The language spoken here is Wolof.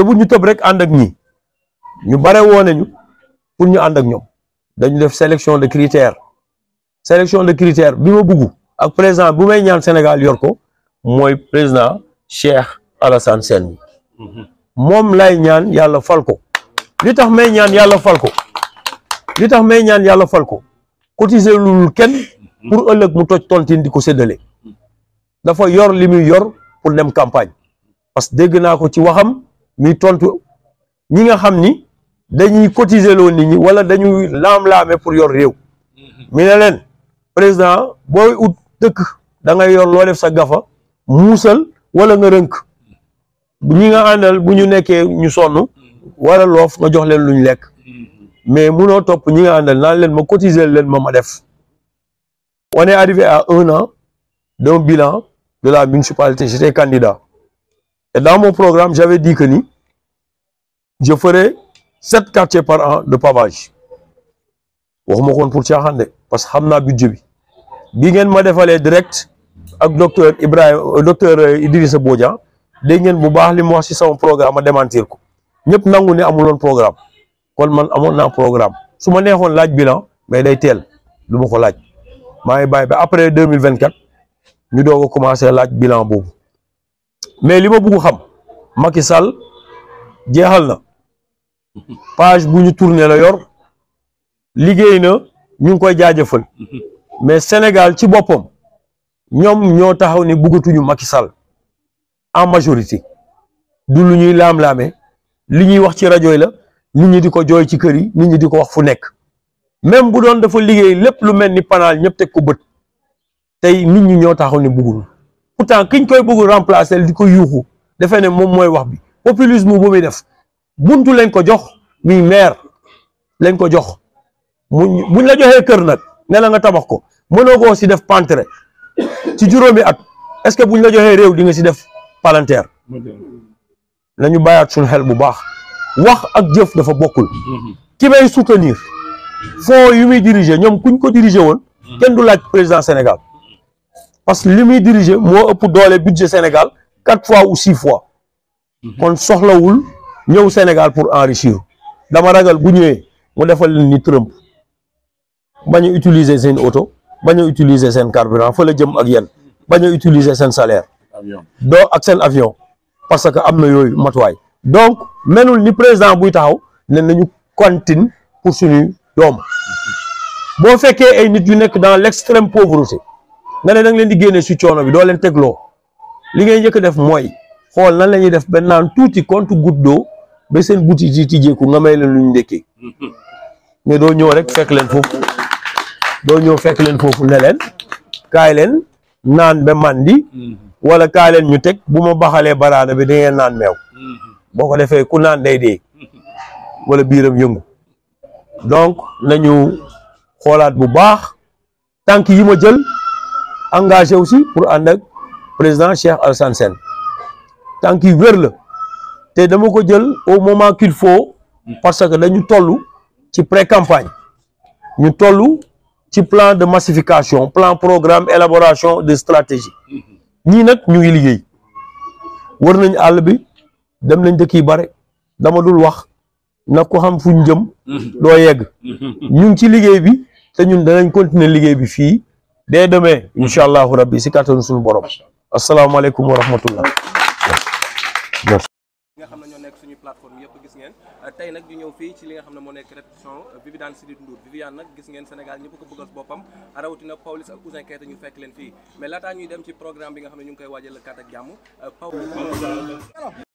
te bu ñu tëb rek ànd ak ñi ñu bare woone ñu pour ñu ànd ak ñoom dañu def sélection de critères sélection de critères bi ma bugg ak président bu may ñaan Sénégal yor ko mooy président Cheikh Alassane Sène moom lay ñaan yàlla fal ko li tax may ñaan yàlla fal ko li tax may yàlla fal ko cotiser lul kenn pour ëllëg mu toj tontine di ko séddale dafa yor li muy yor pour dem campagne parce que dégg ci waxam mi tontu ñi nga xam ni dañuy cotiser loo nit ñi wala dañuy laam-laame pour yor réew mhm. mi ne leen président boo ut dëkk dangay yor loo def sa gafa muusal wala nga rënk ñi nga àndal bu ñu nekkee ñu sonn mhm. wala loof nga jox leen lu ñu lekk mhm. mais munoo topp ñi nga àndal naan leen ma cotiser leen ma ma def on est arrivé à un an d'un bilan de la municipalité j'étais candidat Et dans mon programme, j'avais dit que ni, je ferai sept quartiers par an de pavage. waxuma koon pour caaxaan parce que xam naa budget bi bi ngeen ma defalee direct ak docteur Ibrahima euh, docteur euh, Idrissa booja dégg ngeen bu baax li mu wax ci sama programme ma démentir ko ñëp nangu ne amuloon programme kon man amoon naa programme su ma neexoon laaj bilan mais day teel lu ma ko laaj maa ngi bàyyi ba après deux mille vingt quatre ñu doog a laaj bilan boobu. mais lima ma xam Macky Sall jeexal na page bu ñu tourné la yor liggéey na ñu ngi koy jaajëfal mais Sénégal ci boppam ñoom ñoo taxaw ne bëggatuñu Macky Sall en majorité du lu ñuy laam-laame li ñuy wax ci rajo yi la nit ñi di ko jooy ci kër yi nit di ko wax fu nekk même bu doon dafa liggéey lépp lu mel ni panaal ñëpp teg ko bët tey nit ñi ñoo taxaw ne bëggul pourtant kiñ koy bëgg remplacer di ko yuuxu defee ne moom mooy wax bi populisme bu muy def buntu leen ko jox mi maire lañ ko jox mu buñ la joxee kër nag ne la nga tabax ko mënoo koo si def pantre ci juróomi at est-ce que buñ la joxee réew di nga si def palanteer nañu bayaat suñu xel bu baax wax ak jëf dafa bokkul ki may soutenir fonds yu muy diriger ñoom kuñ ko diriger woon kenn du laaj président Sénégal parce que li muy diriger moo ëpp doole budget Sénégal quatre fois ou six fois kon soxlawul ñëw Sénégal pour enrichir dama ragal bu ñëwee mu defal ni Trump bañ a utiliser seen oto bañ a utiliser seen carburant fa la jëm ak yéen bañ a utiliser seen salaire donc ak seen avion parce que am na yooyu matuwaay donc menul ni président buy taxaw ne nañu cantine pour suñuy doom boo fekkee ay nit yu nekk dans l'extrême pauvreté nga ne da leen di génne si coono bi doo leen tegloo li ngay njëkk def mooy xool nan la ñuy def ba naan tuuti compte goutte d'eau ba seen boutique yi tijjeeku nga may leen lu ñu ndekkee mais doo ñëw rek fekk leen foofu doo ñëw fekk leen foofu ne leen kaay leen naan ba màndi wala kaay leen ñu teg bu ma baxalee baraana bi da ngeen naan meew boo ko defee ku naan day dee wala biiram yëngu donc nañu xoolaat bu baax tànk yi ma jël engagé aussi pour ànd ak président Cheikh Alassane Sène tànk yi wér la te dama ko jël au moment qu'il faut parce que dañu tollu ci pré-campagne ñu tollu ci plan de massification plan programme élaboration de stratégie ñii nag ñu ngi liggéey wër nañ àll bi dem nañ dëkk yi bare dama dul wax na ko xam fu ñu jëm mm-hmm. doo yegg mm-hmm. ñu ngi ci liggéey bi te ñun danañ continuer liggéey bi fii dès demain incha allahu rabbi si kàttanu suñu borom asalaamaaleykum wa rahmatullah nga xam na ñoo nekk suñu plateforme yëpp gis ngeen tey nag ñu ñëw fii ci li nga xam ne moo nekk répétition euh, Viviane Chidid Ndour Viviane nag gis ngeen Sénégal ñëpp ko bëggal boppam rawatina Pawlish ak Ouzin Keita ñu fekk leen fii mais laataa ñuy dem ci programme bi nga xam ne ñu ngi koy waajal kat ak jàmm euh,